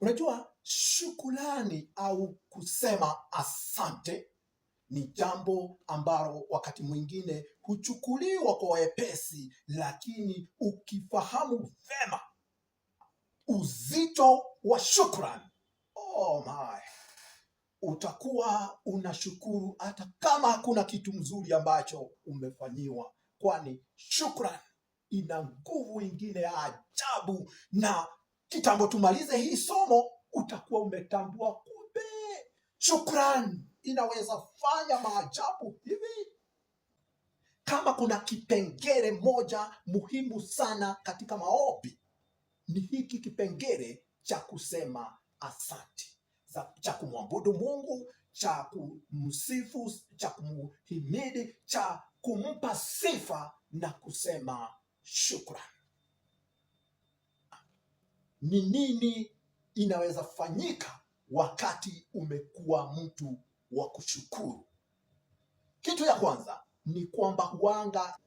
Unajua, shukulani au kusema asante ni jambo ambalo wakati mwingine huchukuliwa kwa wepesi, lakini ukifahamu vema uzito wa shukrani, oh my, utakuwa unashukuru hata kama hakuna kitu mzuri ambacho umefanyiwa, kwani shukrani ina nguvu ingine ya ajabu na kitambo tumalize hii somo, utakuwa umetambua kumbe shukrani inaweza fanya maajabu hivi. Kama kuna kipengere moja muhimu sana katika maombi ni hiki kipengere cha kusema asante, cha kumwabudu Mungu, cha kumsifu, cha kumhimidi, cha kumpa sifa na kusema shukrani ni nini inaweza fanyika wakati umekuwa mtu wa kushukuru. Kitu ya kwanza ni kwamba huanga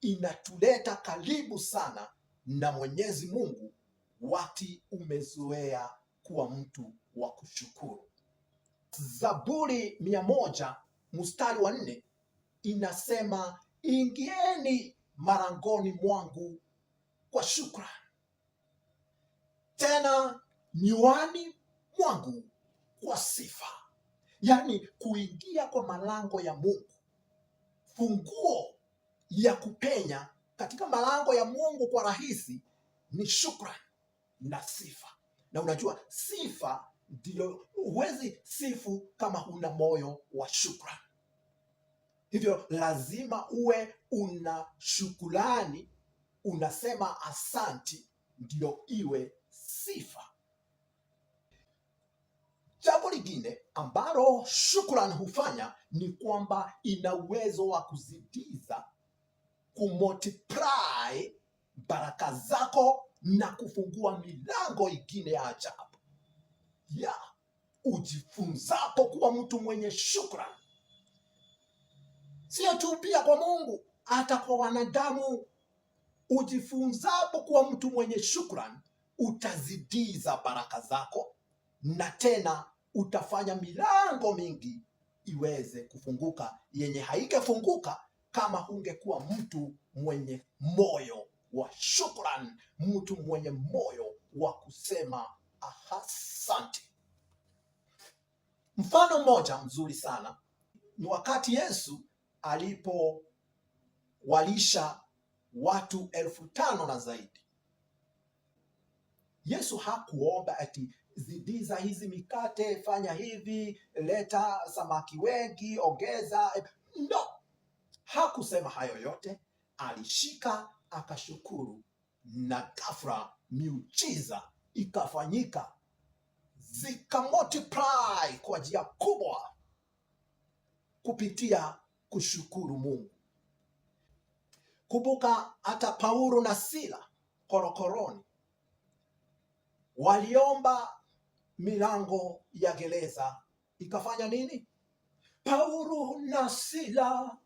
inatuleta karibu sana na Mwenyezi Mungu wakati umezoea kuwa mtu wa kushukuru. Zaburi mia moja mstari wa nne inasema, ingieni marangoni mwangu kwa shukrani tena miwani mwangu kwa sifa, yaani kuingia kwa malango ya Mungu, funguo ya kupenya katika malango ya Mungu kwa rahisi ni shukrani na sifa. Na unajua sifa ndio, huwezi sifu kama huna moyo wa shukrani. Hivyo lazima uwe una shukulani, unasema asanti, ndio iwe sifa. Jambo lingine ambalo shukrani hufanya ni kwamba ina uwezo wa kuzidiza, kumultiply baraka zako na kufungua milango ingine ya ajabu ya ujifunzapo kuwa mtu mwenye shukrani, sio tu pia kwa Mungu, hata kwa wanadamu. Ujifunzapo kuwa mtu mwenye shukrani utazidiza baraka zako na tena utafanya milango mingi iweze kufunguka yenye haingefunguka kama hungekuwa mtu mwenye moyo wa shukran mtu mwenye moyo wa kusema ahasante. Mfano mmoja mzuri sana ni wakati Yesu alipowalisha watu elfu tano na zaidi Yesu hakuomba ati zidiza hizi mikate, fanya hivi, leta samaki wengi, ongeza. No, hakusema hayo yote. Alishika akashukuru, na ghafla miujiza ikafanyika, zikamultiply kwa njia kubwa kupitia kushukuru Mungu. Kumbuka hata Paulo na Sila korokoroni waliomba milango ya gereza ikafanya nini? Paulo na Sila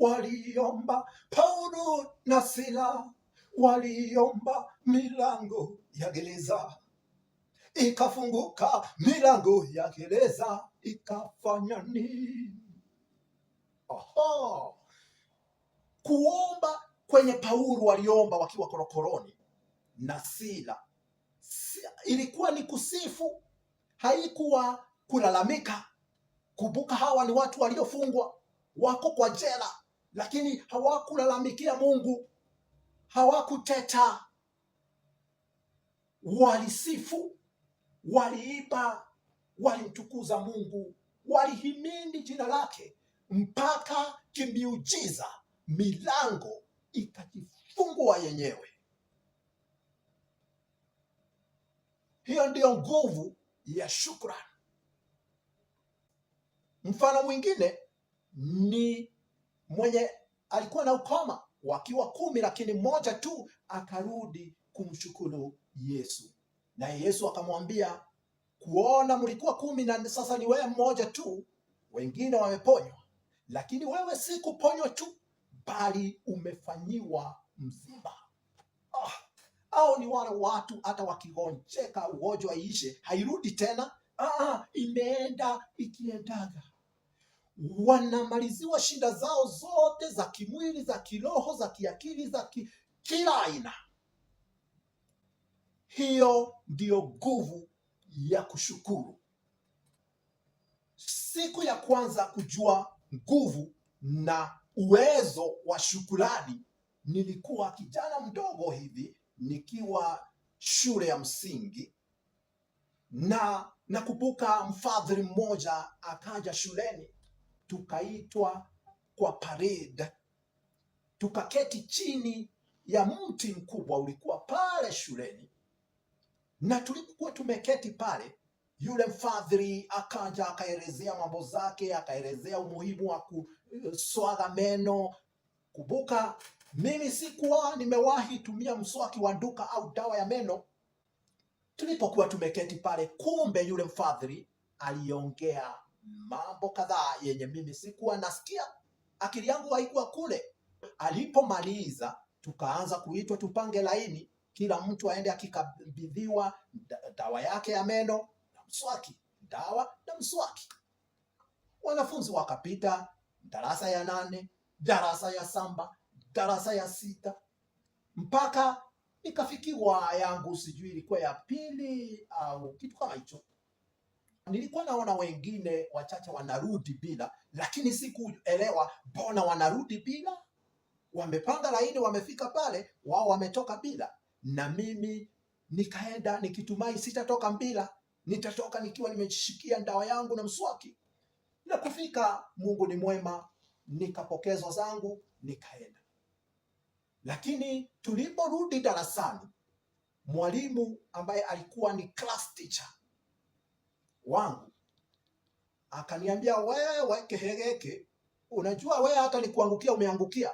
waliomba, Paulo na Sila waliomba milango ya gereza ikafunguka, milango ya gereza ikafanya nini? Oho. kuomba kwenye Paulo waliomba wakiwa korokoroni na Sila ilikuwa ni kusifu, haikuwa kulalamika. Kumbuka, hawa ni watu waliofungwa, wako kwa jela, lakini hawakulalamikia Mungu, hawakuteta, walisifu, waliiba, walimtukuza Mungu, walihimini jina lake mpaka kimiujiza milango ikajifungua yenyewe. Hiyo ndiyo nguvu ya shukrani. Mfano mwingine ni mwenye alikuwa na ukoma wakiwa kumi, lakini mmoja tu akarudi kumshukuru Yesu, na Yesu akamwambia, kuona mlikuwa kumi na sasa ni wewe mmoja tu, wengine wameponywa, lakini wewe si kuponywa tu, bali umefanyiwa mzima au ni wale watu hata wakigonjeka ugonjwa iishe hairudi tena. Aa, imeenda ikiendaga, wanamaliziwa shida zao zote za kimwili, za kiroho, za kiakili, za ki, kila aina. Hiyo ndiyo nguvu ya kushukuru. Siku ya kwanza kujua nguvu na uwezo wa shukurani, nilikuwa kijana mdogo hivi nikiwa shule ya msingi, na nakumbuka mfadhili mmoja akaja shuleni, tukaitwa kwa parade, tukaketi chini ya mti mkubwa ulikuwa pale shuleni, na tulipokuwa tumeketi pale yule mfadhili akaja akaelezea mambo zake, akaelezea umuhimu wa kuswaga meno. Kumbuka mimi sikuwa nimewahi tumia mswaki wa duka au dawa ya meno. Tulipokuwa tumeketi pale, kumbe yule mfadhili aliongea mambo kadhaa yenye mimi sikuwa nasikia, akili yangu haikuwa kule. Alipomaliza tukaanza kuitwa tupange laini, kila mtu aende akikabidhiwa dawa yake ya meno na mswaki, dawa na mswaki. Wanafunzi wakapita darasa ya nane, darasa ya samba darasa ya sita mpaka nikafikiwa yangu, sijui ilikuwa ya pili au kitu kama hicho. Nilikuwa naona wengine wachache wanarudi bila, lakini sikuelewa mbona wanarudi bila. Wamepanga laini, wamefika pale, wao wametoka bila, na mimi nikaenda nikitumai sitatoka bila, nitatoka nikiwa nimeshikia ndawa yangu na mswaki. Na kufika, Mungu ni mwema, nikapokezwa zangu, nikaenda lakini tuliporudi darasani, mwalimu ambaye alikuwa ni class teacher wangu akaniambia, wewe Kehegeke, unajua wewe hata nikuangukia umeangukia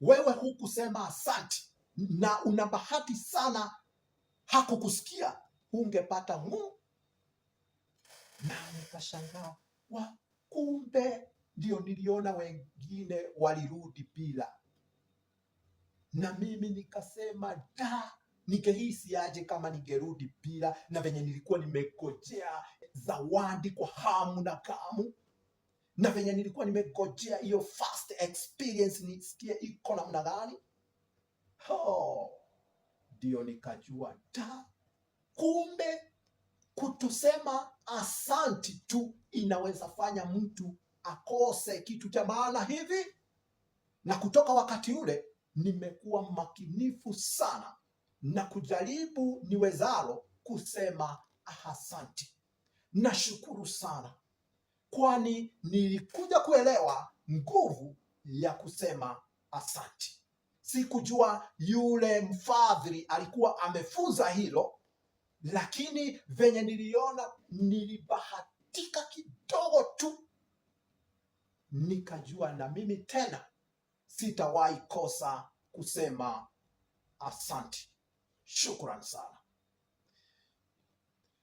wewe, hukusema asante na una bahati sana hakukusikia, ungepata mu. Na nikashangaa wa kumbe, ndio niliona wengine walirudi bila na mimi nikasema da, nikehisi aje kama ningerudi bila, na venye nilikuwa nimegojea zawadi kwa hamu na kamu, na venye nilikuwa nimegojea hiyo first experience nisikie iko namna gani. Ndio nikajua da, kumbe kutusema asanti tu inaweza fanya mtu akose kitu cha maana hivi, na kutoka wakati ule nimekuwa makinifu sana na kujaribu niwezalo kusema ahasanti, nashukuru sana, kwani nilikuja kuelewa nguvu ya kusema asanti. Sikujua yule mfadhili alikuwa amefunza hilo, lakini venye niliona, nilibahatika kidogo tu, nikajua na mimi tena sitawahi kosa kusema asanti shukran sana.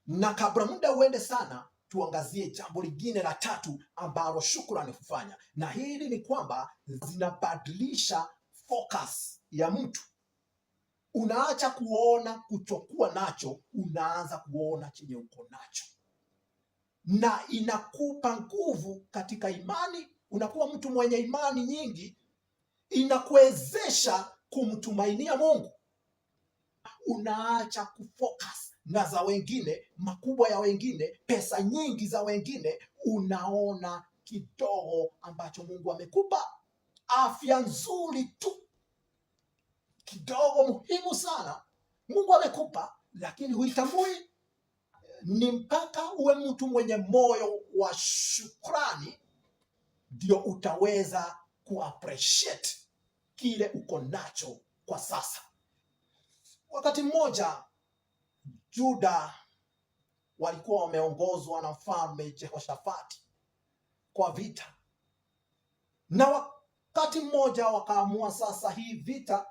Na kabla muda uende sana, tuangazie jambo lingine la tatu ambalo shukrani hufanya, na hili ni kwamba zinabadilisha focus ya mtu. Unaacha kuona kutokuwa nacho, unaanza kuona chenye uko nacho, na inakupa nguvu katika imani. Unakuwa mtu mwenye imani nyingi inakuwezesha kumtumainia Mungu. Unaacha kufocus na za wengine, makubwa ya wengine, pesa nyingi za wengine, unaona kidogo ambacho Mungu amekupa, afya nzuri tu, kidogo muhimu sana Mungu amekupa, lakini huitambui. Ni mpaka uwe mtu mwenye moyo wa shukrani ndio utaweza kuappreciate kile uko nacho kwa sasa. Wakati mmoja Juda walikuwa wameongozwa na mfalme Jehoshafati kwa vita, na wakati mmoja wakaamua sasa, hii vita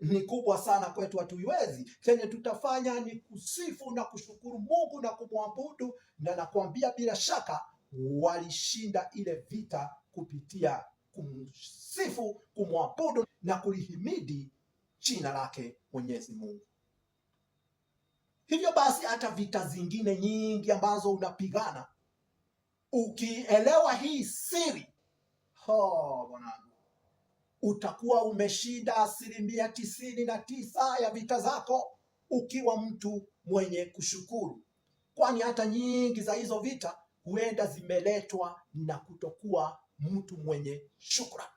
ni kubwa sana kwetu, hatuiwezi. Chenye tutafanya ni kusifu na kushukuru Mungu na kumwabudu, na nakwambia bila shaka walishinda ile vita kupitia kumsifu, kumwabudu na kulihimidi jina lake Mwenyezi Mungu. Hivyo basi, hata vita zingine nyingi ambazo unapigana ukielewa hii siri mwanangu, oh, utakuwa umeshinda asilimia tisini na tisa ya vita zako ukiwa mtu mwenye kushukuru, kwani hata nyingi za hizo vita huenda zimeletwa na kutokuwa mtu mwenye shukrani,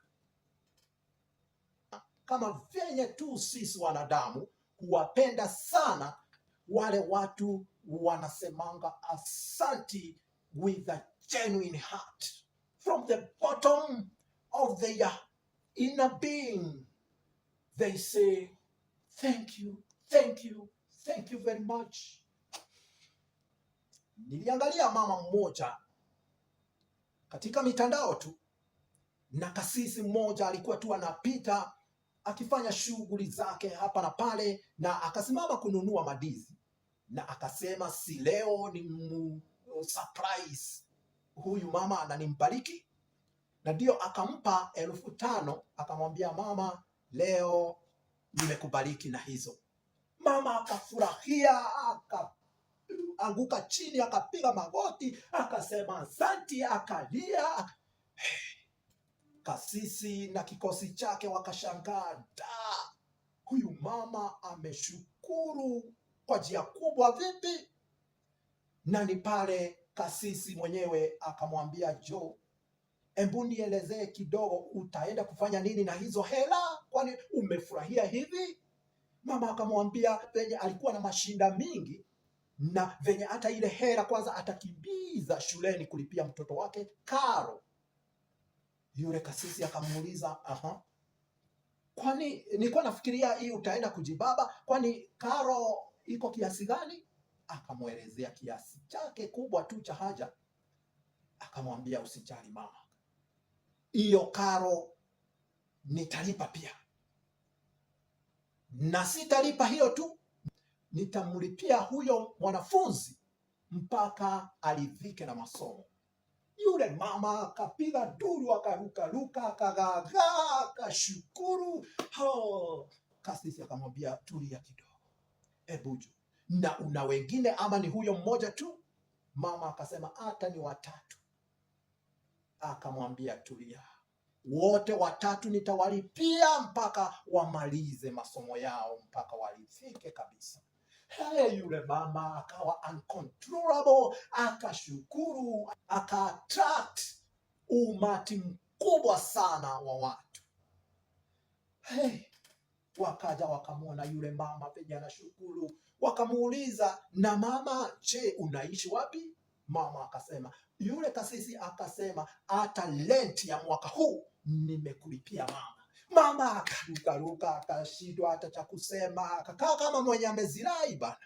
kama venye tu sisi wanadamu kuwapenda sana wale watu wanasemanga asanti with a genuine heart from the bottom of their inner being they say thank you thank you thank you very much. Niliangalia mama mmoja katika mitandao tu, na kasisi mmoja alikuwa tu anapita akifanya shughuli zake hapa na pale, na akasimama kununua madizi, na akasema si leo ni mu surprise huyu mama ananimbariki, na ndio akampa elfu tano akamwambia mama, leo nimekubariki na hizo. Mama akafurahia aka anguka chini, akapiga magoti, akasema asanti, akalia. Kasisi na kikosi chake wakashangaa, da, huyu mama ameshukuru kwa njia kubwa vipi? Na ni pale kasisi mwenyewe akamwambia jo hebu nielezee kidogo, utaenda kufanya nini na hizo hela? Kwani umefurahia hivi? Mama akamwambia, penye alikuwa na mashinda mingi na venye hata ile hera kwanza atakimbiza shuleni kulipia mtoto wake karo. Yule kasisi akamuuliza, aha, kwani nilikuwa nafikiria hii utaenda kujibaba, kwani karo iko kiasi gani? Akamwelezea kiasi chake kubwa tu cha haja, akamwambia usijali mama, hiyo karo nitalipa pia, na sitalipa hiyo tu nitamlipia huyo mwanafunzi mpaka aridhike na masomo. Yule mama akapiga duru, akarukaruka, akagaagaa, akashukuru. kasisi akamwambia tulia kidogo, ebuju na una wengine ama ni huyo mmoja tu? Mama akasema hata ni watatu. Akamwambia tulia, wote watatu nitawalipia mpaka wamalize masomo yao, mpaka walifike kabisa. Naye yule mama akawa uncontrollable, akashukuru, akaattract umati mkubwa sana wa watu. Hey, wakaja wakamwona yule mama penye anashukuru, wakamuuliza na mama, je, unaishi wapi? Mama akasema, yule kasisi akasema, hata lenti ya mwaka huu nimekulipia mama. Mama akarukaruka akashindwa hata cha kusema, akakaa kama mwenye amezirai bana.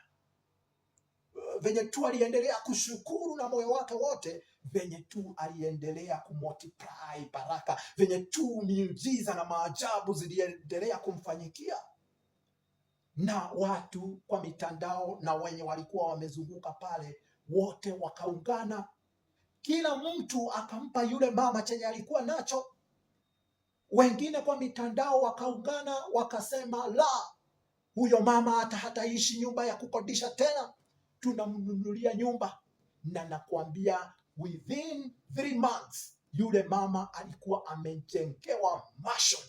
Venye tu aliendelea kushukuru na moyo wake wote, venye tu aliendelea kumultiply baraka, venye tu miujiza na maajabu ziliendelea kumfanyikia na watu kwa mitandao na wenye walikuwa wamezunguka pale, wote wakaungana, kila mtu akampa yule mama chenye alikuwa nacho wengine kwa mitandao wakaungana wakasema, la, huyo mama hata hataishi nyumba ya kukodisha tena, tunamnunulia nyumba. Na nakwambia within three months yule mama alikuwa amejengewa mansion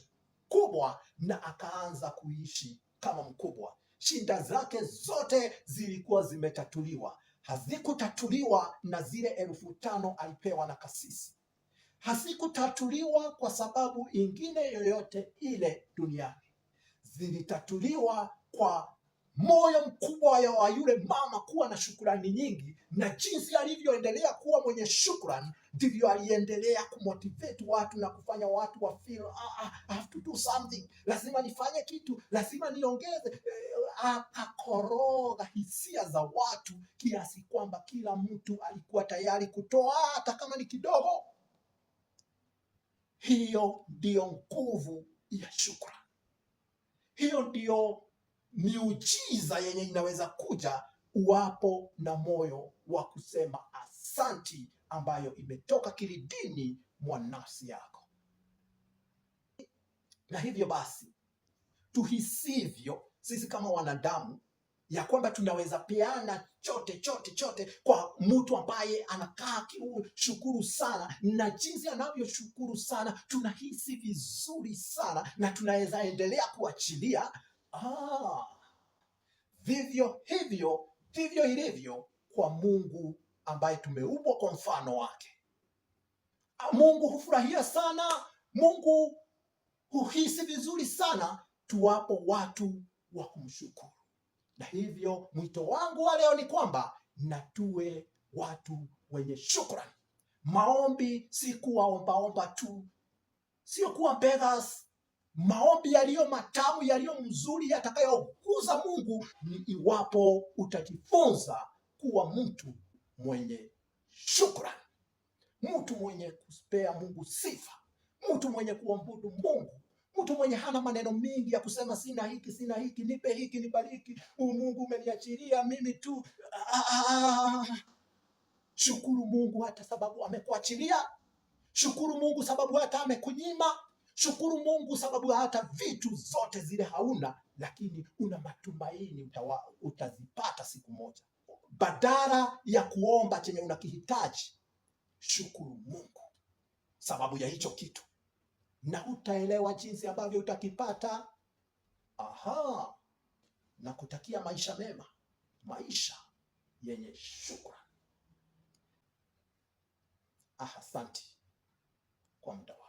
kubwa na akaanza kuishi kama mkubwa. Shida zake zote zilikuwa zimetatuliwa, hazikutatuliwa na zile elfu tano alipewa na kasisi hazikutatuliwa kwa sababu ingine yoyote ile duniani, zilitatuliwa kwa moyo mkubwa wa yule mama kuwa na shukurani nyingi, na jinsi alivyoendelea kuwa mwenye shukrani ndivyo aliendelea kumotivate watu na kufanya watu wa feel ah, ah I have to do something, lazima nifanye kitu, lazima niongeze. Eh, Akakoroga hisia za watu kiasi kwamba kila mtu alikuwa tayari kutoa hata kama ni kidogo. Hiyo ndiyo nguvu ya shukrani. Hiyo ndiyo miujiza yenye inaweza kuja uwapo na moyo wa kusema asanti, ambayo imetoka kilidini mwa nafsi yako. Na hivyo basi tuhisivyo sisi kama wanadamu ya kwamba tunaweza peana chote chote chote kwa mtu ambaye anakaa shukuru sana, na jinsi anavyoshukuru sana, tunahisi vizuri sana na tunaweza endelea kuachilia. Ah, vivyo hivyo vivyo ilivyo kwa Mungu ambaye tumeumbwa kwa mfano wake. Ah, Mungu hufurahia sana, Mungu huhisi vizuri sana tuwapo watu wa kumshukuru. Na hivyo mwito wangu wa leo ni kwamba na watu wenye shukrani. Maombi si kuwaombaomba tu, sio kuwa beggars. Maombi yaliyo matamu yaliyo mzuri yatakayokuza Mungu ni iwapo utajifunza kuwa mtu mwenye shukrani, mtu mwenye kuspea Mungu sifa, mtu mwenye kuambudu Mungu Mtu mwenye hana maneno mengi ya kusema sina hiki, sina hiki, nipe hiki, nibariki, huu Mungu umeniachilia mimi tu. Ah, ah, ah, ah, shukuru Mungu hata sababu amekuachilia. Shukuru Mungu sababu hata amekunyima. Shukuru Mungu sababu hata vitu zote zile hauna, lakini una matumaini utawa, utazipata siku moja. Badala ya kuomba chenye unakihitaji, shukuru Mungu sababu ya hicho kitu na utaelewa jinsi ambavyo utakipata. Aha, na kutakia maisha mema, maisha yenye shukrani. Asanti kwa muda.